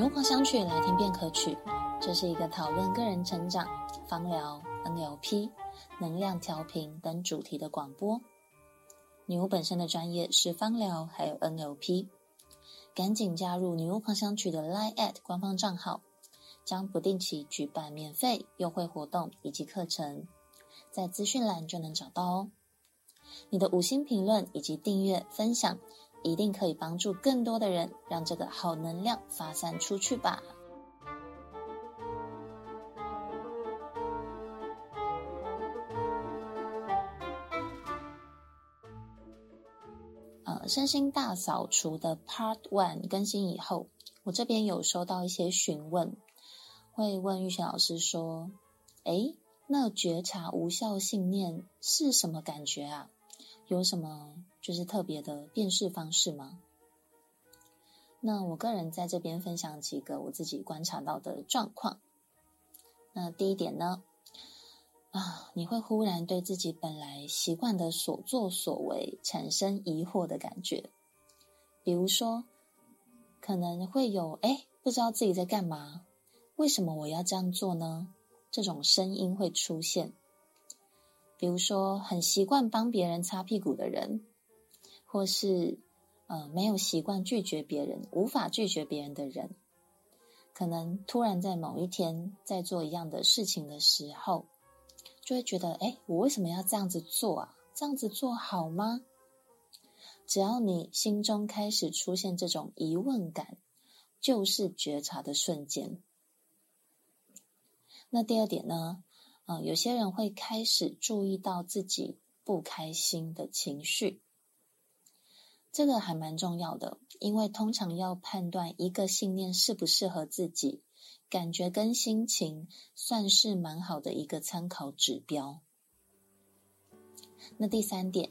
女巫狂想曲來聽便可曲，這是一個討論個人成長、芳療、NLP、能量調頻等主題的廣播。女巫本身的專業是芳療，還有 NLP。趕緊加入女巫狂想曲的 Line at 官方賬號，將不定期舉辦免費優惠活動以及課程，在資訊欄就能找到哦。你的五星評論以及訂閱分享。一定可以幫助更多的人，讓這個好能量發散出去吧。呃、嗯，身心大掃除的 Part One 更新以後，我這邊有收到一些詢問，會問玉璇老師說：“哎，那覺察無效信念是什麼感覺啊？有什麼？”就是特別的辨識方式嗎？那我個人在這邊分享幾個我自己觀察到的狀況。那第一點呢，啊，你會忽然對自己本來習慣的所作所為產生疑惑的感覺，比如說可能會有哎，不知道自己在幹嘛，為什麼我要這樣做呢？這種聲音會出現。比如說很習慣幫別人擦屁股的人。或是，呃，沒有習慣拒絕別人，無法拒絕別人的人，可能突然在某一天在做一樣的事情的時候，就會覺得：“誒，我為什麼要這樣子做啊？這樣子做好嗎？”只要你心中開始出現這種疑問感，就是覺察的瞬間。那第二點呢，呃，有些人會開始注意到自己不開心的情緒。這個還蠻重要的，因為通常要判斷一個信念適不適合自己，感覺跟心情算是蠻好的一個參考指標。那第三點，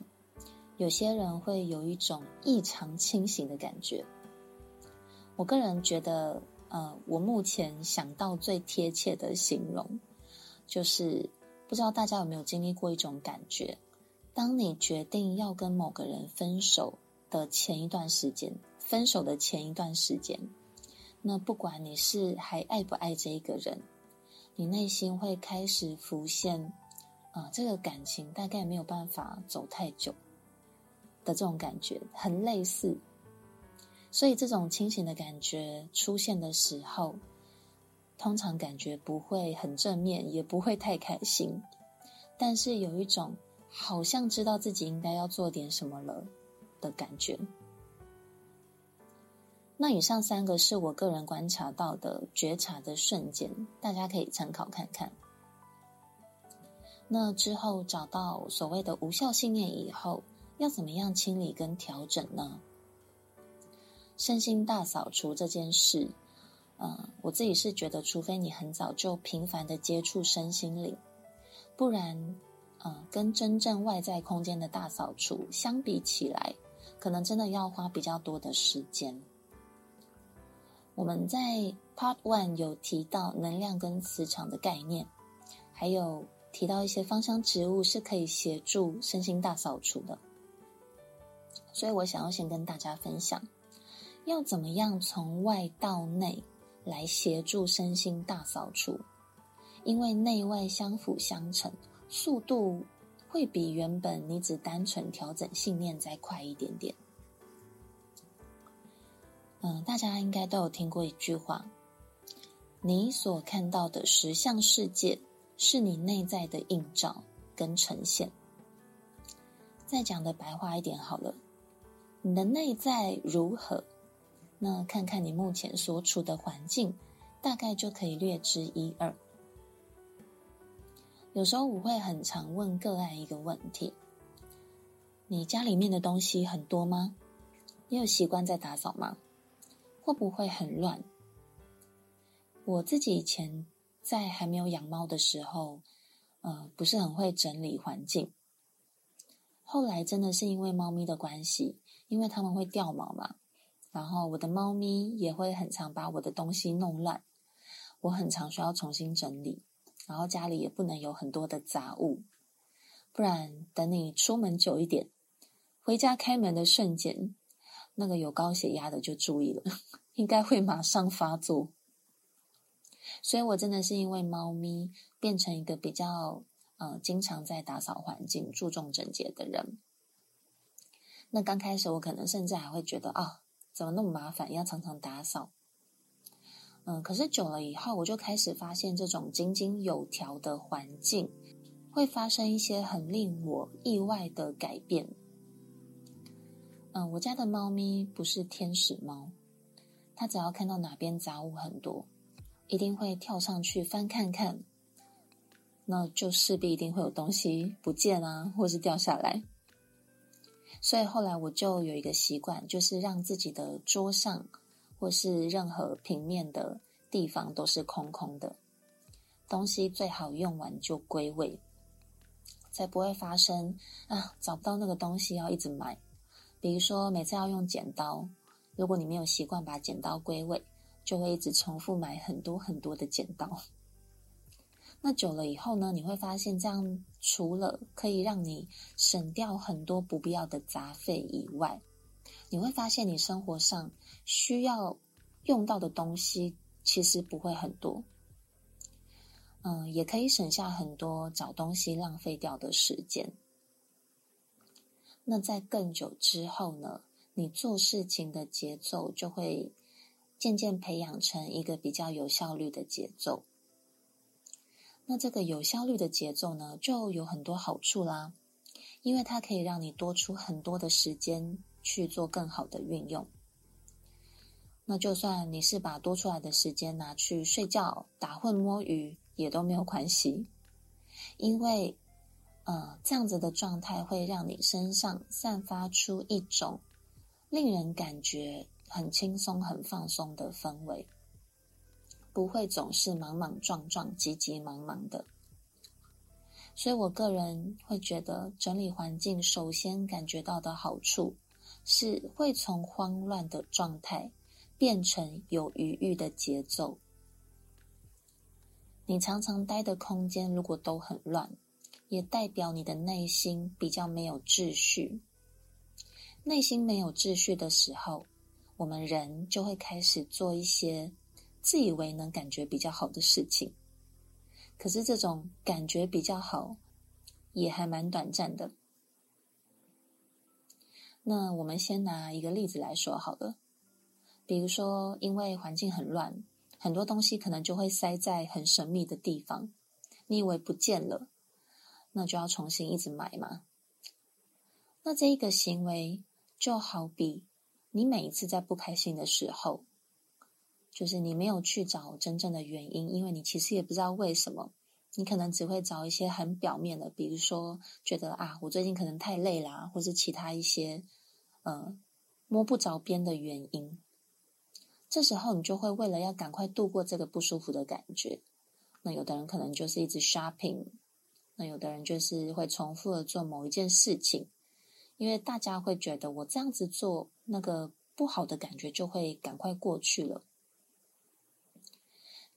有些人會有一種異常清醒的感覺。我個人覺得，呃，我目前想到最貼切的形容，就是不知道大家有沒有經歷過一種感覺，當你決定要跟某個人分手，的前一段時間，分手的前一段時間，那不管你是還愛不愛這一個人，你內心會開始浮現，啊、呃，這個感情大概沒有辦法走太久的這種感覺，很類似。所以，這種清醒的感覺出現的時候，通常感覺不會很正面，也不會太開心，但是有一種好像知道自己應該要做點什麼了。的感覺。那以上三個是我個人觀察到的覺察的瞬間，大家可以參考看看。那之後找到所謂的無效信念以後，要怎麼樣清理跟調整呢？身心大掃除這件事，嗯、呃，我自己是覺得，除非你很早就頻繁的接觸身心靈，不然，嗯、呃，跟真正外在空間的大掃除相比起來。可能真的要花比較多的時間。我們在 Part One 有提到能量跟磁場的概念，還有提到一些芳香植物是可以協助身心大掃除的。所以我想要先跟大家分享，要怎麼樣從外到內來協助身心大掃除，因為內外相輔相成，速度。會比原本你只單純調整信念再快一點點。嗯、呃，大家應該都有聽過一句話，你所看到的實相世界，是你內在的映照跟呈現。再講的白話一點好了，你的內在如何，那看看你目前所處的環境，大概就可以略知一二。有時候我會很常問個案一個問題：你家裡面的東西很多嗎？你有習慣在打掃嗎？會不會很亂？我自己以前在還沒有養貓的時候，呃，不是很會整理環境。後來真的是因為貓咪的關係，因為他們會掉毛嘛，然後我的貓咪也會很常把我的東西弄亂，我很常需要重新整理。然後家裡也不能有很多的雜物，不然等你出門久一點，回家開門的瞬間，那個有高血壓的就注意了，應該會馬上發作。所以，我真的是因為貓咪變成一個比較呃經常在打掃環境、注重整潔的人。那剛開始我可能甚至還會覺得啊、哦，怎麼那麼麻煩，要常常打掃。嗯，可是久了以後，我就開始發現這種井井有條的環境會發生一些很令我意外的改變。嗯，我家的貓咪不是天使貓，它只要看到哪邊雜物很多，一定會跳上去翻看看，那就勢必一定會有東西不見啊，或是掉下來。所以後來我就有一個習慣，就是讓自己的桌上。或是任何平面的地方都是空空的，東西最好用完就歸位，才不會發生啊，找不到那個東西要一直買。比如說每次要用剪刀，如果你沒有習慣把剪刀歸位，就會一直重複買很多很多的剪刀。那久了以後呢，你會發現這樣除了可以讓你省掉很多不必要的雜費以外。你會發現，你生活上需要用到的東西其實不會很多，嗯、呃，也可以省下很多找東西浪費掉的時間。那在更久之後呢，你做事情的節奏就會漸漸培養成一個比較有效率的節奏。那這個有效率的節奏呢，就有很多好處啦，因為它可以讓你多出很多的時間。去做更好的運用。那就算你是把多出來的時間拿去睡覺、打混、摸魚，也都沒有關係，因為，呃，這樣子的狀態會讓你身上散發出一種令人感覺很輕鬆、很放鬆的氛圍，不會總是莽莽撞撞、急急忙忙的。所以我個人會覺得，整理環境首先感覺到的好處。是會從慌亂的狀態變成有餘裕的節奏。你常常待的空間如果都很亂，也代表你的內心比較沒有秩序。內心沒有秩序的時候，我們人就會開始做一些自以為能感覺比較好的事情。可是這種感覺比較好，也還蠻短暫的。那我們先拿一個例子來說好了，比如說，因為環境很亂，很多東西可能就會塞在很神秘的地方，你以為不見了，那就要重新一直買嘛。那這一個行為就好比你每一次在不開心的時候，就是你沒有去找真正的原因，因為你其實也不知道為什麼，你可能只會找一些很表面的，比如說覺得啊，我最近可能太累啦啊，或是其他一些。呃、嗯，摸不着邊的原因，這時候你就會為了要趕快度過這個不舒服的感覺，那有的人可能就是一直 shopping，那有的人就是會重複的做某一件事情，因為大家會覺得我這樣子做那個不好的感覺就會趕快過去了，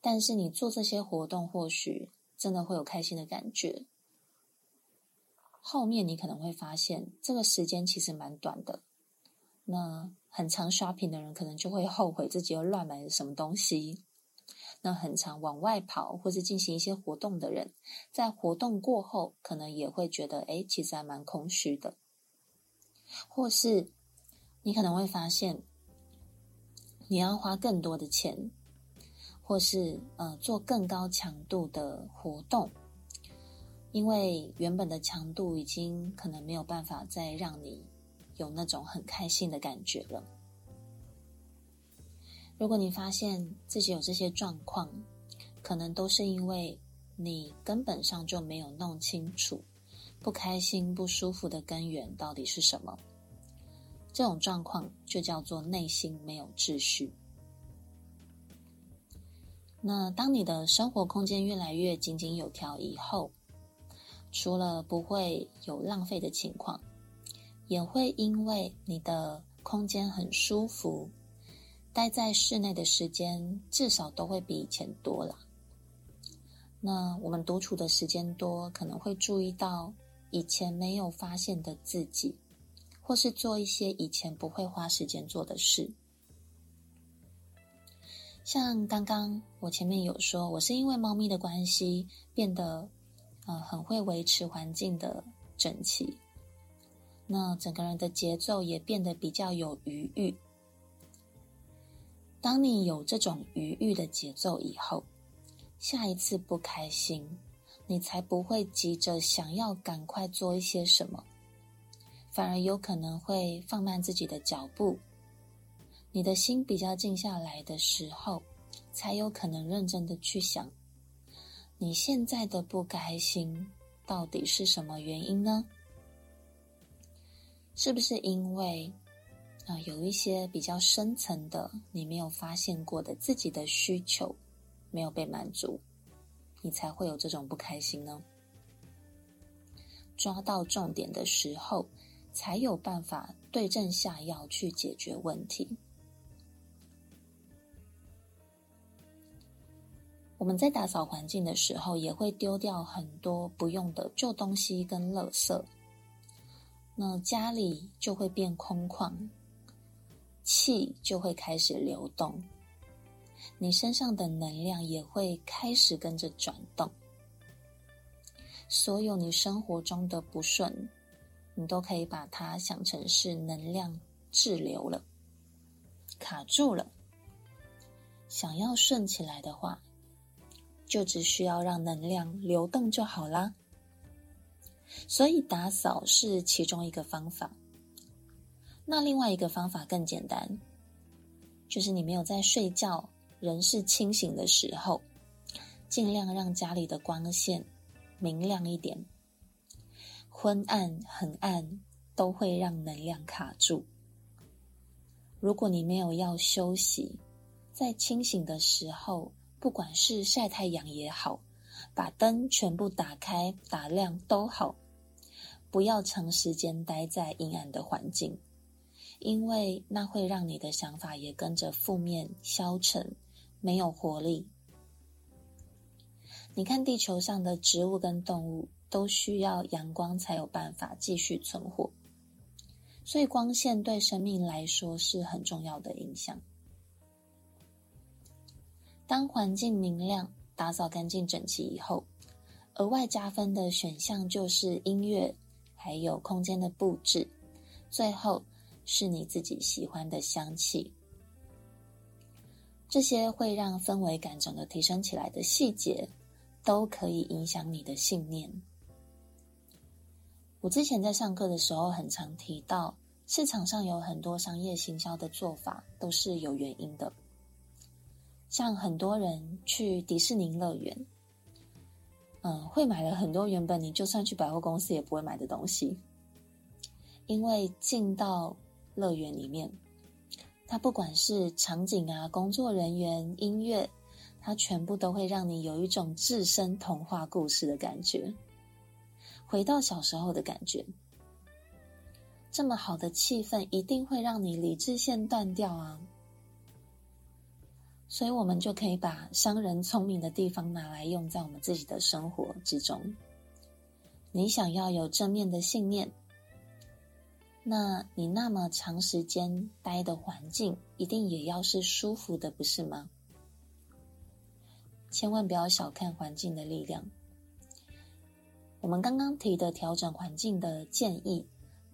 但是你做這些活動或許真的會有開心的感覺，後面你可能會發現這個時間其實蠻短的。那很常 shopping 的人，可能就會後悔自己又亂買了什麼東西。那很常往外跑，或是進行一些活動的人，在活動過後，可能也會覺得，哎、欸，其實還蠻空虛的。或是你可能會發現，你要花更多的錢，或是呃，做更高強度的活動，因為原本的強度已經可能沒有辦法再讓你。有那種很開心的感覺了。如果你發現自己有這些狀況，可能都是因為你根本上就沒有弄清楚不開心、不舒服的根源到底是什麼。這種狀況就叫做內心沒有秩序。那當你的生活空間越來越井井有條以後，除了不會有浪費的情況，也會因為你的空間很舒服，待在室內的時間至少都會比以前多了。那我們獨處的時間多，可能會注意到以前沒有發現的自己，或是做一些以前不會花時間做的事。像剛剛我前面有說，我是因為貓咪的關係變得，呃，很會維持環境的整齊。那整個人的節奏也變得比較有餘裕。當你有這種餘裕的節奏以後，下一次不開心，你才不會急着想要趕快做一些什麼，反而有可能會放慢自己的腳步。你的心比較靜下來的時候，才有可能認真的去想，你現在的不開心到底是什麼原因呢？是不是因為，啊、呃，有一些比較深層的你沒有發現過的自己的需求，沒有被滿足，你才會有這種不開心呢？抓到重點的時候，才有辦法對症下藥去解決問題。我們在打掃環境的時候，也會丟掉很多不用的舊東西跟垃圾。那家裡就會變空曠，氣就會開始流動，你身上的能量也會開始跟着轉動。所有你生活中的不順，你都可以把它想成是能量滯留了，卡住了。想要順起來的話，就只需要讓能量流動就好啦。所以打掃是其中一個方法。那另外一個方法更簡單，就是你沒有在睡覺，人是清醒的時候，盡量讓家裡的光線明亮一點。昏暗、很暗都會讓能量卡住。如果你沒有要休息，在清醒的時候，不管是晒太陽也好，把燈全部打開，打亮都好，不要長時間待在陰暗的環境，因為那會讓你的想法也跟着負面消沉，沒有活力。你看，地球上的植物跟動物都需要陽光才有辦法繼續存活，所以光線對生命來說是很重要的影響。當環境明亮，打掃乾淨整齊以後，額外加分的選項就是音樂，還有空間的布置，最後是你自己喜歡的香氣。這些會讓氛圍感整個提升起來的細節，都可以影響你的信念。我之前在上課的時候，很常提到，市場上有很多商業行銷的做法，都是有原因的。像很多人去迪士尼樂園，嗯、呃，會買了很多原本你就算去百貨公司也不會買的東西，因為進到樂園裡面，它不管是場景啊、工作人員、音樂，它全部都會讓你有一種置身童話故事的感覺，回到小時候的感覺。這麼好的氣氛，一定會讓你理智線斷掉啊！所以我們就可以把商人聰明的地方拿來用在我們自己的生活之中。你想要有正面的信念，那你那麼長時間待的環境一定也要是舒服的，不是嗎？千萬不要小看環境的力量。我們剛剛提的調整環境的建議，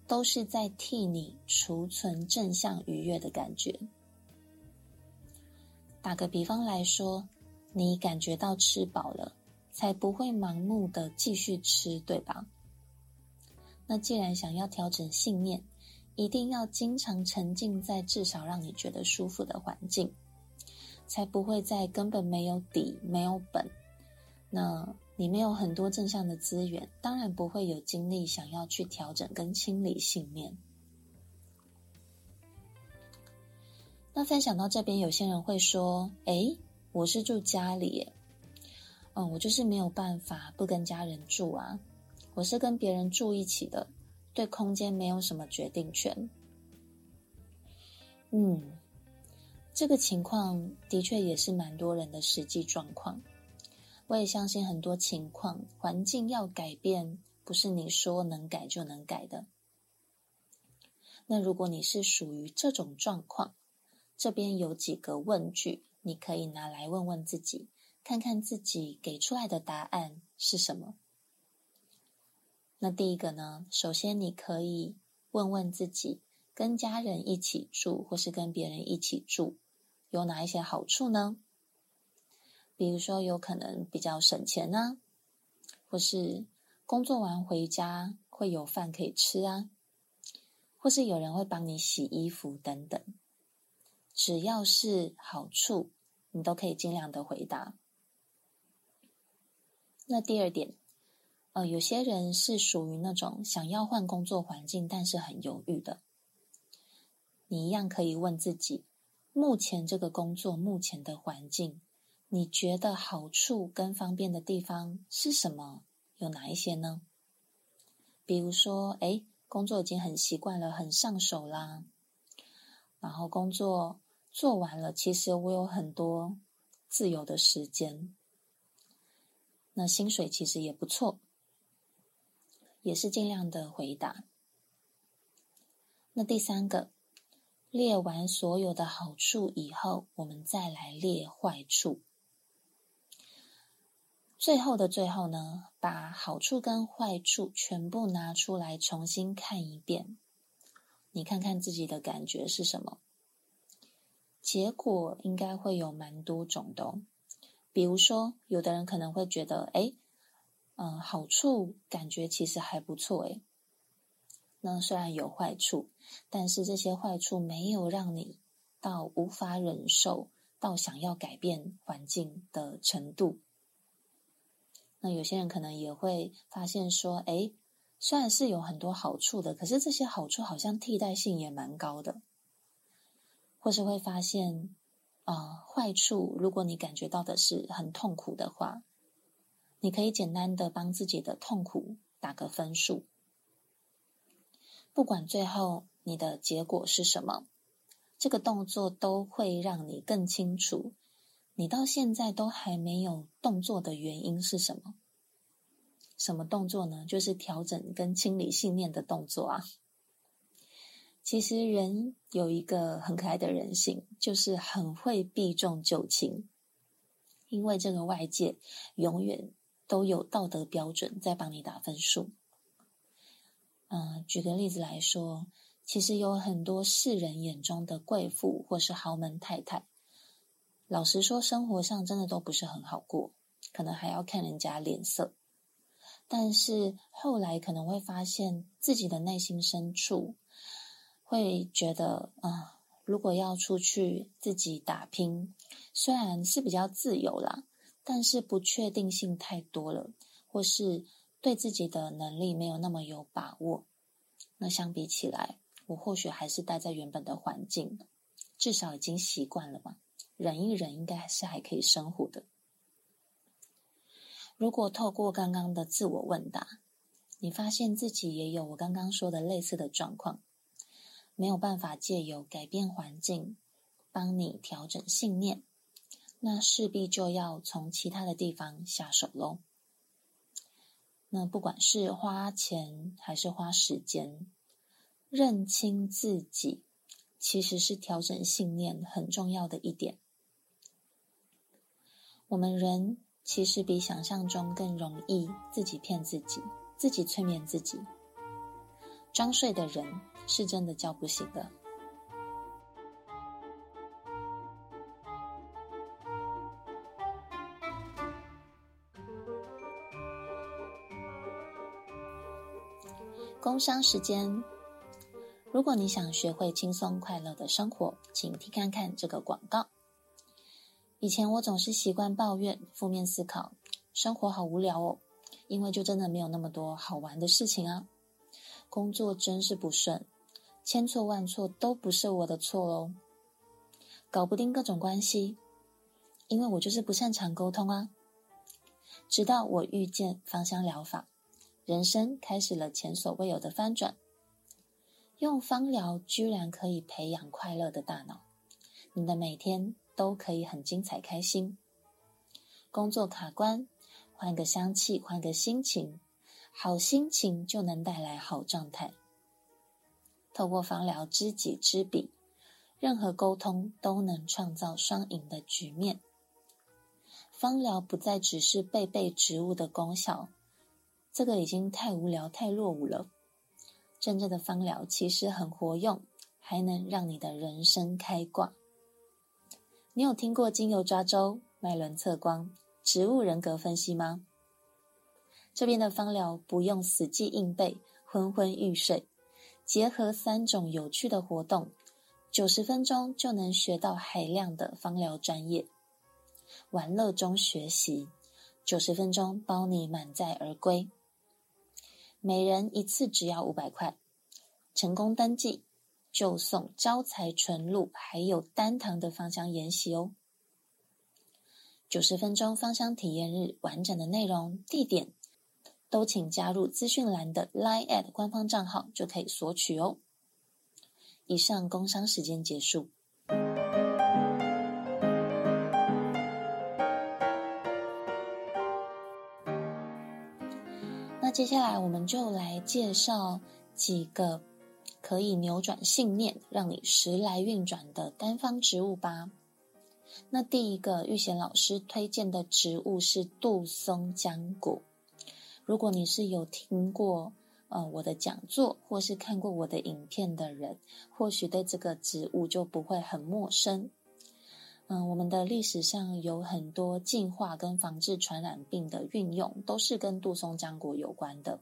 都是在替你儲存正向愉悅的感覺。打個比方來說，你感覺到吃飽了，才不會盲目的繼續吃，對吧？那既然想要調整信念，一定要經常沉浸在至少讓你覺得舒服的環境，才不會在根本沒有底、沒有本。那你沒有很多正向的資源，當然不會有精力想要去調整跟清理信念。那分享到這邊，有些人會說：“誒，我是住家裡耶，嗯，我就是沒有辦法不跟家人住啊，我是跟別人住一起的，對空間沒有什麼決定權。”嗯，這個情況的確也是蠻多人的實際狀況。我也相信很多情況，環境要改變，不是你說能改就能改的。那如果你是屬於這種狀況，這邊有幾個問句，你可以拿來問問自己，看看自己給出來的答案是什麼。那第一個呢？首先，你可以問問自己，跟家人一起住，或是跟別人一起住，有哪一些好處呢？比如說，有可能比較省錢啊，或是工作完回家會有飯可以吃啊，或是有人會幫你洗衣服等等。只要是好處，你都可以盡量的回答。那第二點，呃，有些人是屬於那種想要換工作環境，但是很猶豫的。你一樣可以問自己，目前這個工作，目前的環境，你覺得好處跟方便的地方是什麼？有哪一些呢？比如說，誒，工作已經很習慣了，很上手啦，然後工作。做完了，其實我有很多自由的時間，那薪水其實也不錯，也是盡量的回答。那第三個，列完所有的好處以後，我們再來列壞處。最後的最後呢，把好處跟壞處全部拿出來重新看一遍，你看看自己的感覺是什麼。結果應該會有蠻多種的哦，比如說，有的人可能會覺得，哎，嗯、呃，好處感覺其實還不錯，誒。那雖然有壞處，但是這些壞處沒有讓你到無法忍受到想要改變環境的程度。那有些人可能也會發現說，哎，雖然是有很多好處的，可是這些好處好像替代性也蠻高的。或是會發現，啊、呃，壞處。如果你感覺到的是很痛苦的話，你可以簡單的幫自己的痛苦打個分數。不管最後你的結果是什麼，這個動作都會讓你更清楚，你到現在都還沒有動作的原因是什麼？什麼動作呢？就是調整跟清理信念的動作啊。其實人有一個很可愛的人性，就是很會避重就輕，因為這個外界永遠都有道德標準在幫你打分數。嗯、呃，舉個例子來說，其實有很多世人眼中的貴婦或是豪門太太，老實說，生活上真的都不是很好過，可能還要看人家臉色。但是後來可能會發現自己的內心深處。會覺得啊，呃，如果要出去自己打拼，雖然是比較自由啦，但是不確定性太多了，或是對自己的能力沒有那麼有把握。那相比起來，我或許還是待在原本的環境，至少已經習慣了嘛，忍一忍，應該還是還可以生活的。如果透過剛剛的自我問答，你發現自己也有我剛剛說的類似的狀況。沒有辦法借由改變環境，幫你調整信念，那勢必就要從其他的地方下手嘍。那不管是花錢還是花時間，認清自己其實是調整信念很重要的一點。我們人其實比想象中更容易自己騙自己，自己催眠自己。裝睡的人是真的叫不醒的。工商時間，如果你想學會輕鬆快樂的生活，請聽看看這個廣告。以前我總是習慣抱怨、負面思考，生活好無聊哦，因為就真的沒有那麼多好玩的事情啊。工作真是不順，千錯萬錯都不是我的錯哦。搞不定各種關係，因為我就是不擅長溝通啊。直到我遇見芳香療法，人生開始了前所未有的翻轉。用芳療居然可以培養快樂的大腦，你的每天都可以很精彩開心。工作卡關，換個香氣，換個心情。好心情就能帶來好狀態。透過芳療知己知彼，任何溝通都能創造雙贏的局面。芳療不再只是背背植物的功效，這個已經太無聊太落伍了。真正的芳療其實很活用，還能讓你的人生開掛。你有聽過精油抓周、脈輪測光、植物人格分析嗎？這邊的芳療不用死記硬背、昏昏欲睡，結合三種有趣的活動，九十分鐘就能學到海量的芳療專業。玩樂中學習，九十分鐘包你滿載而歸。每人一次只要五百塊，成功登記就送招財純露，還有單堂的芳香研習哦。九十分鐘芳香體驗日，完整的內容、地點，都請加入資訊欄的 line at 官方賬號就可以索取哦。以上工商時間結束。那接下來我們就來介紹幾個可以扭轉信念、讓你時來運轉的單方植物吧。那第一個玉賢老師推薦的植物是杜松漿果。如果你是有聽過呃我的講座或是看過我的影片的人，或許對這個植物就不會很陌生。嗯、呃，我們的歷史上有很多淨化跟防治傳染病的運用，都是跟杜松漿果有關的。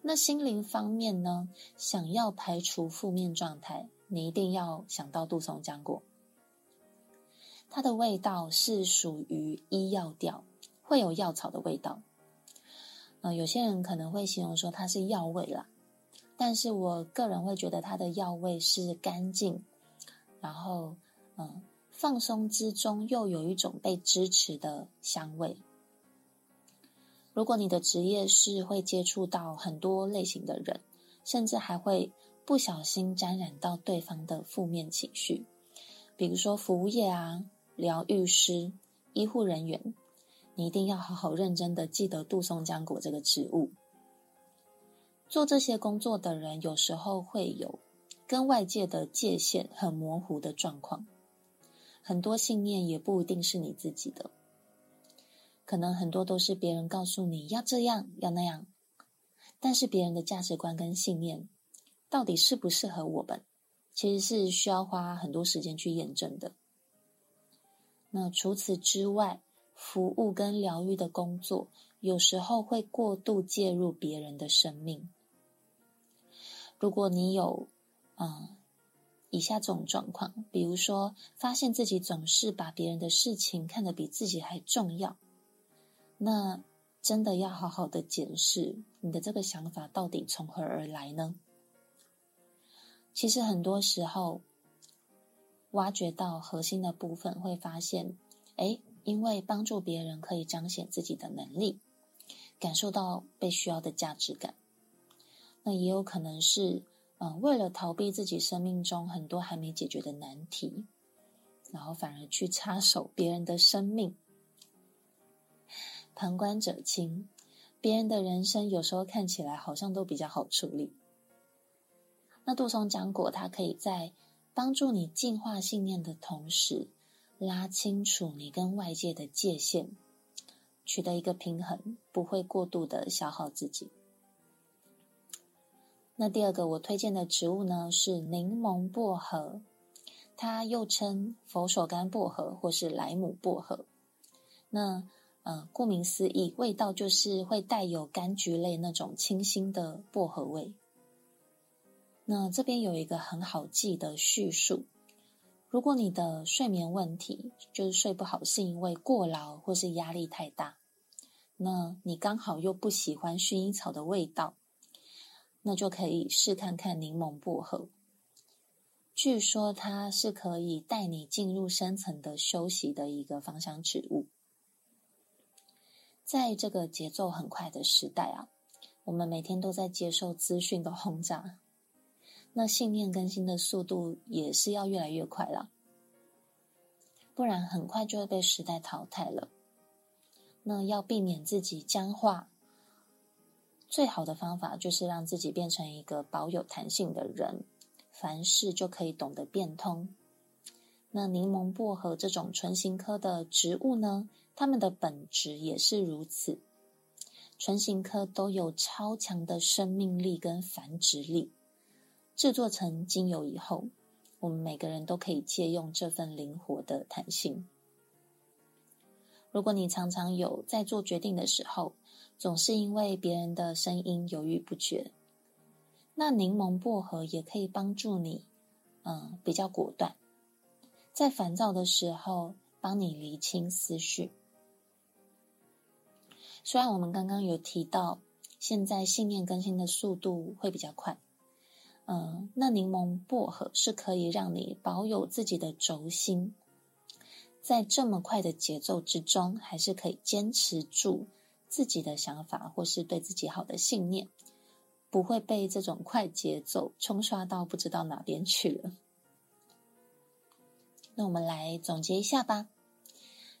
那心靈方面呢，想要排除負面狀態，你一定要想到杜松漿果。它的味道是屬於醫藥調，會有藥草的味道。嗯、呃，有些人可能會形容說它是藥味啦，但是我個人會覺得它的藥味是乾淨，然後嗯、呃，放鬆之中又有一種被支持的香味。如果你的職業是會接觸到很多類型的人，甚至還會不小心沾染到對方的負面情緒，比如說服務業啊、療癒師、醫護人員。你一定要好好認真的記得杜松漿果這個植物。做這些工作的人，有時候會有跟外界的界限很模糊的狀況，很多信念也不一定是你自己的，可能很多都是別人告訴你要這樣要那樣，但是別人的價值觀跟信念到底適不適合我們，其實是需要花很多時間去驗證的。那除此之外，服務跟療癒的工作，有時候會過度介入別人的生命。如果你有嗯以下這種狀況，比如說發現自己總是把別人的事情看得比自己還重要，那真的要好好的檢視你的這個想法到底從何而來呢？其實很多時候，挖掘到核心的部分，會發現，哎。因為幫助別人可以彰顯自己的能力，感受到被需要的價值感。那也有可能是，嗯、呃，為了逃避自己生命中很多還沒解決的難題，然後反而去插手別人的生命。旁觀者清，別人的人生有時候看起來好像都比較好處理。那杜松漿果，它可以在幫助你淨化信念的同時，拉清楚你跟外界的界限，取得一個平衡，不會過度的消耗自己。那第二個我推薦的植物呢是檸檬薄荷，它又稱佛手柑薄荷或是萊姆薄荷。那呃，顧名思義，味道就是會帶有柑橘類那種清新的薄荷味。那這邊有一個很好記的敘述。如果你的睡眠問題就是睡不好，是因為過勞或是壓力太大，那你剛好又不喜歡薰衣草的味道，那就可以試看看檸檬薄荷。據說它是可以帶你進入深層的休息的一個芳香植物。在這個節奏很快的時代啊，我們每天都在接受資訊的轟炸。那信念更新的速度也是要越來越快了，不然很快就會被時代淘汰了。那要避免自己僵化，最好的方法就是讓自己變成一個保有彈性的人，凡事就可以懂得變通。那檸檬薄荷這種唇形科的植物呢，它們的本質也是如此，唇形科都有超強的生命力跟繁殖力。製作成精油以後，我們每個人都可以借用這份靈活的彈性。如果你常常有在做決定的時候，總是因為別人的聲音猶豫不決，那檸檬薄荷也可以幫助你，嗯，比較果斷。在煩躁的時候，幫你理清思緒。雖然我們剛剛有提到，現在信念更新的速度會比較快。嗯，那檸檬薄荷是可以讓你保有自己的軸心，在這麼快的節奏之中，還是可以堅持住自己的想法，或是對自己好的信念，不會被這種快節奏沖刷到不知道哪邊去了。那我們來總結一下吧。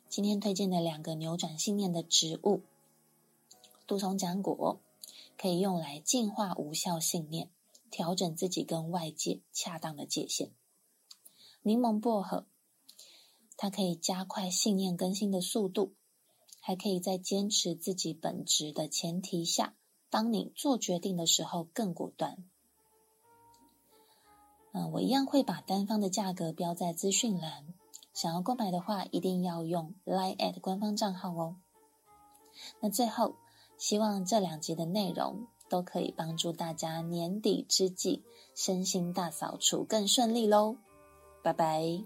今天推薦的兩個扭轉信念的植物——杜松漿果，可以用來淨化無效信念，調整自己跟外界恰當的界限，檸檬薄荷，它可以加快信念更新的速度，還可以在堅持自己本職的前提下，當你做決定的時候更果斷。嗯，我一樣會把單方的價格標在資訊欄，想要購買的話一定要用 line@ 官方賬號哦。那最後，希望這兩集的內容，都可以幫助大家年底之際，身心大掃除更順利嘍，拜拜。